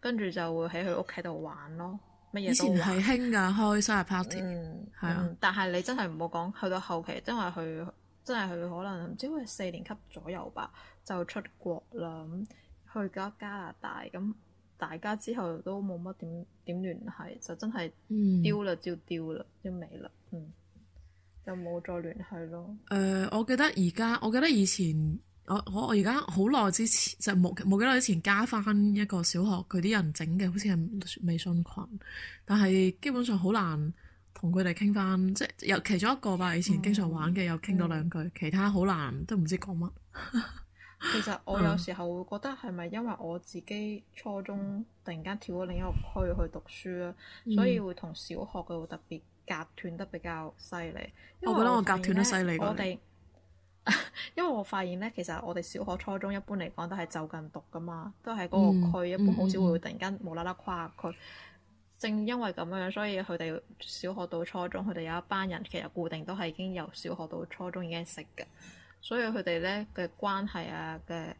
跟住、嗯、就會喺佢屋企度玩咯，乜嘢都玩。以前係興噶開生日、嗯、party，係、嗯、啊，嗯、但係你真係唔好講去到後期，因為佢真係佢可能唔知喎四年級左右吧，就出國啦，咁去咗加拿大咁。大家之後都冇乜點點聯繫，就真係嗯，丟啦，就丟啦，就未啦，嗯，就冇再聯繫咯。誒、呃，我記得而家，我記得以前，我我我而家好耐之前，就冇冇幾耐之前加翻一個小學佢啲人整嘅，好似係微信群，但係基本上好難同佢哋傾翻，即係有其中一個吧，以前經常玩嘅，又傾到兩句，嗯、其他好難都唔知講乜。 其實我有時候會覺得係咪因為我自己初中突然間跳咗另一個區去讀書啦，嗯、所以會同小學嘅會特別隔斷得比較犀利。因為我，我覺得我隔斷得犀利。我哋因為我發現咧，其實我哋小學初中一般嚟講都係就近讀噶嘛，都喺嗰個區，一般好少會突然間無啦啦跨區。嗯嗯嗯、正因為咁樣，所以佢哋小學到初中，佢哋有一班人其實固定都係已經由小學到初中已經識嘅。所以佢哋咧嘅關係啊，嘅誒、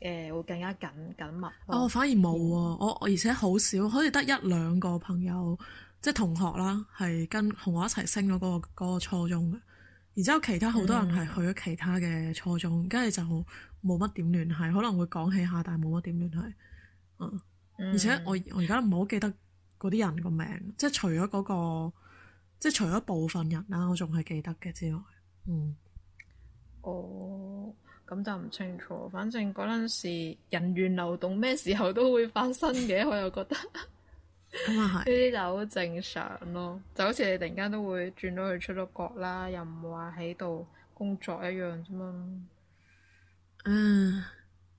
呃，會更加緊緊密。啊、哦，反而冇喎、啊。嗯、我我而且好少，好似得一兩個朋友，即係同學啦，係跟同我一齊升咗嗰、嗰個、嗰個初中嘅。然之後其他好多人係去咗其他嘅初中，跟住、嗯、就冇乜點聯繫。可能會講起下，但係冇乜點聯繫。嗯，而且我我而家唔係好記得嗰啲人個名，即係除咗嗰、嗰個，即係除咗部分人啦、啊，我仲係記得嘅之外，嗯。哦，咁就唔清楚。反正嗰陣時人員流動咩時候都會發生嘅，我又覺得呢啲就好正常咯，就好似你突然間都會轉咗去出咗國啦，又唔話喺度工作一樣啫嘛。嗯，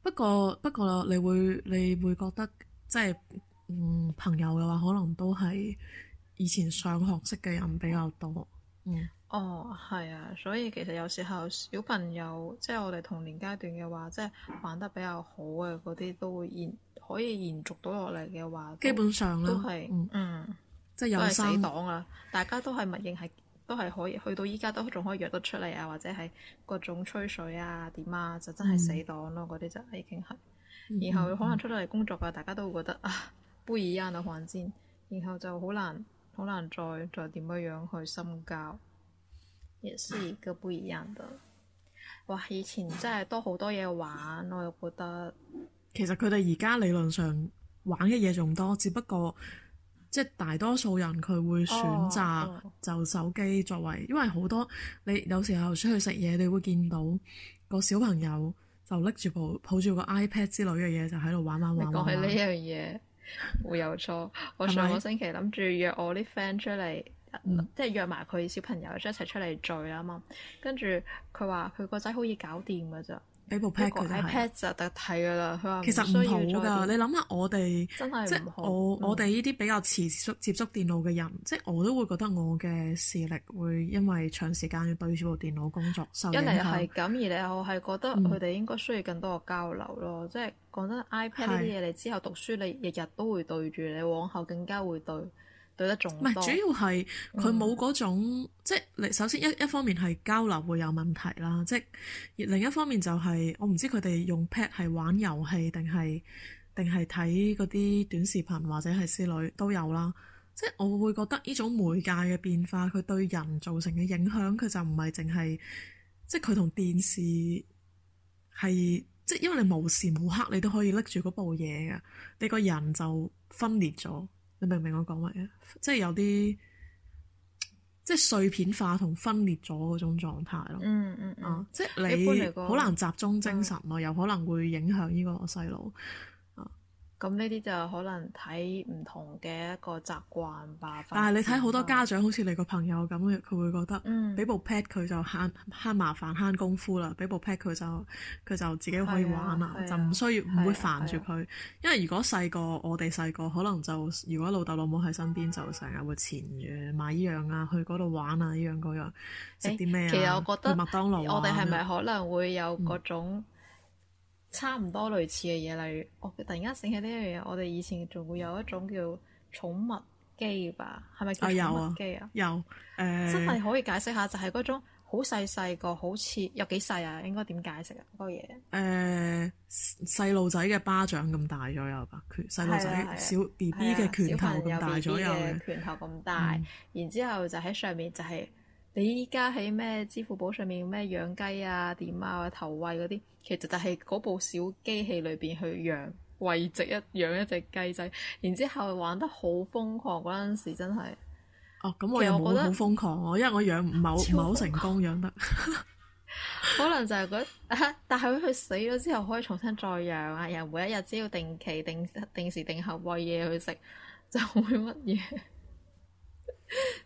不過不過你會你會覺得即係嗯朋友嘅話，可能都係以前上學識嘅人比較多，嗯。哦，係啊，所以其實有時候小朋友即係、就是、我哋童年階段嘅話，即、就、係、是、玩得比較好嘅嗰啲都會延可以延續到落嚟嘅話，基本上都係是嗯，嗯即係有三死黨啊！大家都係默認係都係可以去到依家都仲可以約得出嚟啊，或者係各種吹水啊點啊，就真係死黨咯，嗰啲、嗯、就已經係。嗯、然後可能出咗嚟工作啊，大家都會覺得啊，不一樣嘅環境，然後就好難好難，難再再點樣樣去深交。也是、yes, 一個不一樣的，哇！以前真係多好多嘢玩，我又覺得。其實佢哋而家理論上玩嘅嘢仲多，只不過即係、就是、大多數人佢會選擇就手機作為，哦哦、因為好多你有時候出去食嘢，你會見到個小朋友就拎住部抱住個 iPad 之類嘅嘢就喺度玩玩玩玩玩。講起呢樣嘢，會有錯。 我上個星期諗住約我啲 friend 出嚟。即係約埋佢小朋友一齊出嚟聚啊嘛，跟住佢話佢個仔好易搞掂噶咋，俾部 iPad，iPad 就得睇噶啦。佢話其實唔好噶，你諗下我哋，真係唔好。我哋呢啲比較遲熟接觸電腦嘅人，即係我都會覺得我嘅視力會因為長時間對住部電腦工作受影響。一嚟係咁，二嚟我係覺得佢哋應該需要更多嘅交流咯。即係講真，iPad 呢啲嘢你之後讀書你日日都會對住，你往後更加會對。對得仲唔係？主要係佢冇嗰種，嗯、即係你首先一一方面係交流會有問題啦，即係另一方面就係、是、我唔知佢哋用 pad 係玩遊戲定係定係睇嗰啲短視頻或者係之類都有啦。即係我會覺得呢種媒介嘅變化，佢對人造成嘅影響，佢就唔係淨係，即係佢同電視係，即係因為你無時無刻你都可以拎住嗰部嘢嘅，你個人就分裂咗。你明唔明我講乜嘢？即係有啲即係碎片化同分裂咗嗰種狀態咯。嗯嗯嗯。啊，即係你好難集中精神咯，嗯、又可能會影響呢個細路。咁呢啲就可能睇唔同嘅一個習慣吧。但係你睇好多家長，好似你個朋友咁，佢會覺得俾部 pad 佢就慳慳麻煩慳功夫啦，俾部 pad 佢就佢就自己可以玩啦，就唔需要唔會煩住佢。因為如果細個我哋細個，可能就如果老豆老母喺身邊，就成日會纏住買呢樣啊，去嗰度玩啊，呢樣嗰樣食啲咩啊，去麥當勞啊。其實我覺得，我哋係咪可能會有各種？差唔多類似嘅嘢，例如我突然間醒起呢樣嘢，我哋以前仲會有一種叫寵物機吧，係咪？叫寵物機啊，有啊！有。呃、真係可以解釋下，就係、是、嗰種好細細個，好似有幾細啊？應該點解釋啊？嗰、那個嘢？誒、呃，細路仔嘅巴掌咁大左右吧，拳細路仔小 B B 嘅拳頭咁大左右、啊、拳頭咁大，嗯、然之後就喺上面就係、是。你依家喺咩支付寶上面咩養雞啊點啊投餵嗰啲，其實就係嗰部小機器裏邊去養餵隻一養一隻雞仔，然之後玩得好瘋狂嗰陣時真係。哦，咁我又冇好瘋狂，哦、我，狂、啊、我因為我養唔係好唔係好成功，養得。可能就係得、嗰個，但係佢死咗之後可以重新再養啊！又每一日只要定期定定時定候餵嘢去食，就會乜嘢。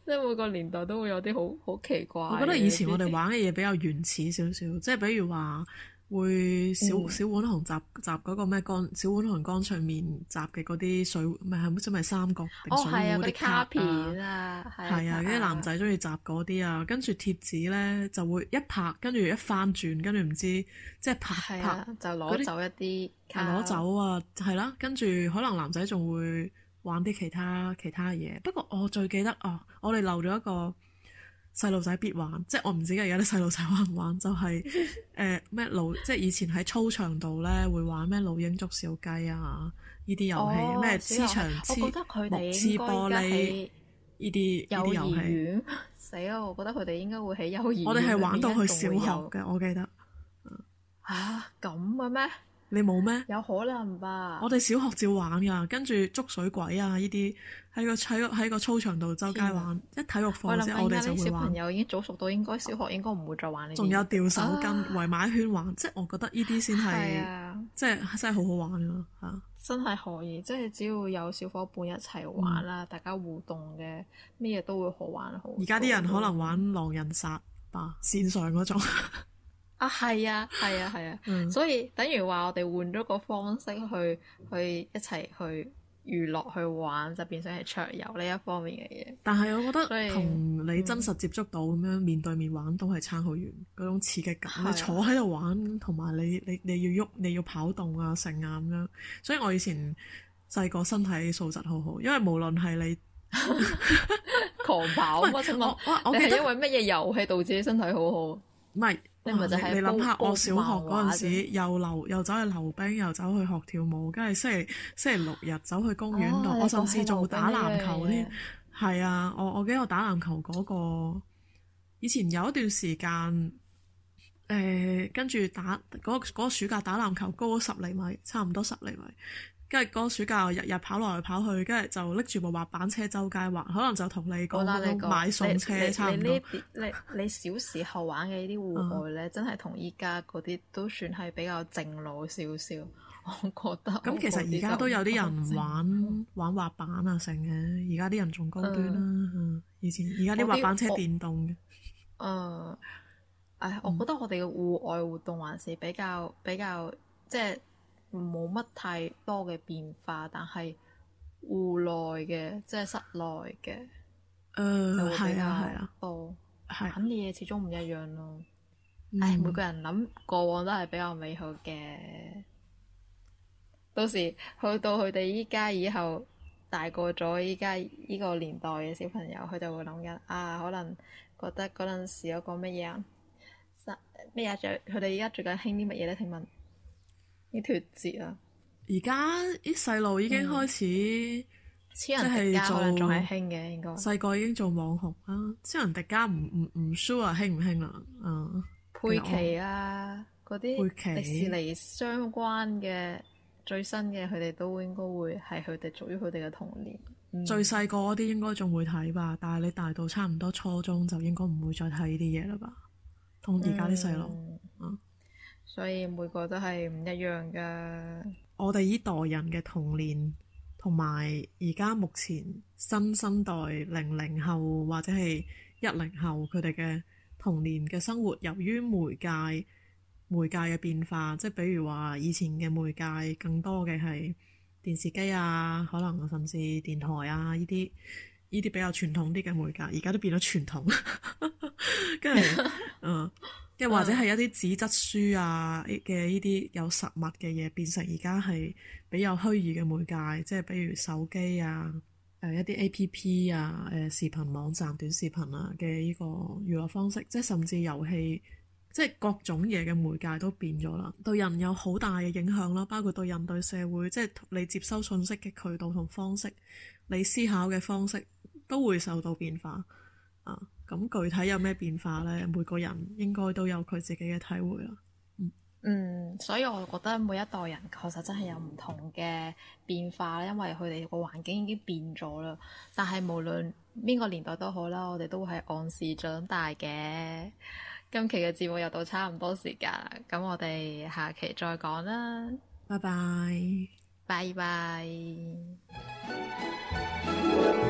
即係 每個年代都會有啲好好奇怪。我覺得以前我哋玩嘅嘢比較原始少少， 即係比如話會小小碗紅集集嗰個咩江小碗紅乾脆麵集嘅嗰啲水唔係係唔知係三角水哦係啊啲卡片啊係啊，啲男仔中意集嗰啲啊，跟住貼紙咧就會一拍，跟住一翻轉，跟住唔知即係拍拍、啊、就攞走一啲，攞走啊係啦，跟住、啊、可能男仔仲會。玩啲其他其他嘢，不過我最記得啊，我哋漏咗一個細路仔必玩，即係我唔知而家啲細路仔玩唔玩，就係誒咩老， 即係以前喺操場度咧會玩咩老鷹捉小雞啊呢啲遊戲，咩黐牆黐木黐玻璃呢啲遊戲。死啦！我覺得佢哋應該會喺幼稚園。 我哋係玩到去小學嘅，有我記得。啊咁嘅咩？你冇咩？有可能吧。我哋小學照玩噶，跟住捉水鬼啊呢啲，喺個喺個操場度周街玩。啊、一體育課即係我哋就會玩。我諗而家啲小朋友已經早熟到，應該小學應該唔會再玩呢啲。仲有掉手巾、圍埋一圈玩，啊、即係我覺得呢啲先係，啊、即係真係好好玩咯，吓、啊。真係可以，即係只要有小夥伴一齊玩啦，嗯、大家互動嘅，咩嘢都會好玩好玩。而家啲人可能玩狼人殺吧，綫上嗰種。 啊，係啊，係啊，係啊，嗯、所以等於話我哋換咗個方式去去一齊去娛樂去玩，就變成係桌遊呢一方面嘅嘢。但係我覺得同你真實接觸到咁樣、嗯、面對面玩都係差好遠，嗰種刺激感，啊、你坐喺度玩同埋你你你，你要喐你要跑動啊成啊咁樣。所以我以前細個身體素質好好，因為無論係你 狂跑乜 我，乜，我你係因為乜嘢遊戲導致你身體好好？唔係。哦、你你諗下，我小學嗰陣時又溜，又走去溜冰，又走去學跳舞，跟住星期星期六日走去公園度，哦、我甚至仲打籃球添。係啊的，我的、嗯、我記得我打籃球嗰、嗰個，以前有一段時間，誒、呃，跟住打嗰、嗰個、嗰個暑假打籃球高咗十厘米，差唔多十厘米。跟住嗰個暑假，日日跑來跑去，跟住就拎住部滑板車周街玩，可能就同你講嘅買送車差唔多你，你，你，你，你小時候玩嘅呢啲戶外呢， 真係同依家嗰啲都算係比較正路少少，我覺得、嗯。咁其實而家都有啲人玩玩滑板啊，成嘅。而家啲人仲高端啦，啊，嗯，以前而家啲滑板車電動嘅。誒、嗯哎，我覺得我哋嘅戶外活動還是比較比較即係。冇乜太多嘅變化，但係戶內嘅，即係室內嘅，誒係啊係啊，多諗嘅嘢始終唔一樣咯。唉、嗯哎，每個人諗過往都係比較美好嘅。嗯、到時去到佢哋依家以後大個咗，依家呢個年代嘅小朋友，佢就會諗緊啊，可能覺得嗰陣時有個乜嘢啊，乜嘢最佢哋依家最近興啲乜嘢咧？請問？呢條節啊！而家啲細路已經開始即係做，仲係興嘅，應該細個已經做網紅啦。超、啊、人迪迦唔唔唔 sure 啊，興唔興啊？嗯，佩奇啊，嗰啲迪士尼相關嘅最新嘅，佢哋都應該會係佢哋屬於佢哋嘅童年。嗯、最細個嗰啲應該仲會睇吧，但係你大到差唔多初中就應該唔會再睇呢啲嘢啦吧。同而家啲細路。嗯所以每個都係唔一樣㗎。我哋依代人嘅童年，同埋而家目前新生代零零後或者係一零後佢哋嘅童年嘅生活，由於媒介媒介嘅變化，即係比如話以前嘅媒介更多嘅係電視機啊，可能甚至電台啊，依啲依啲比較傳統啲嘅媒介，而家都變咗傳統，跟 住是 嗯。或者係一啲紙質書啊，嘅呢啲有實物嘅嘢變成而家係比較虛擬嘅媒介，即係比如手機啊，誒、呃、一啲 APP 啊，誒、呃、視頻網站、短視頻啊嘅呢個娛樂方式，即係甚至遊戲，即係各種嘢嘅媒介都變咗啦，對人有好大嘅影響啦，包括對人對社會，即係你接收信息嘅渠道同方式，你思考嘅方式都會受到變化啊。嗯。咁具體有咩變化呢？每個人應該都有佢自己嘅體會啦。嗯，嗯，所以我覺得每一代人確實真係有唔同嘅變化，因為佢哋個環境已經變咗啦。但係無論邊個年代都好啦，我哋都會係按時長大嘅。今期嘅節目又到差唔多時間啦，咁我哋下期再講啦。拜拜，拜拜。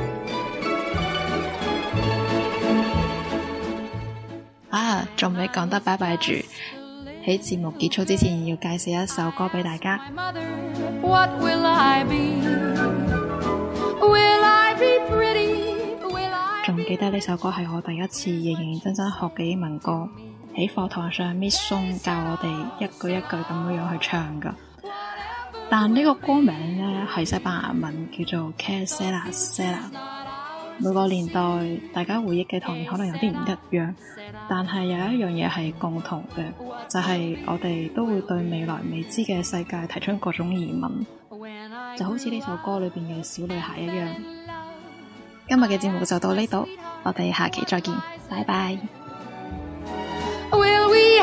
啊，仲未講得 bye bye 住，喺節目結束之前要介紹一首歌俾大家。仲記得呢首歌係我第一次認認真真學嘅英文歌，喺課堂上 Miss Song 教我哋一句一句咁樣去唱噶。但呢個歌名呢，係西班牙文，叫做 Que Sera, Sera。每個年代大家回憶嘅童年可能有啲唔一樣，但係有一樣嘢係共同嘅，就係我哋都會對未來未知嘅世界提出各種疑問，就好似呢首歌裏邊嘅小女孩一樣。今日嘅節目就到呢度，我哋下期再見，拜拜。Will we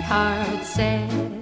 have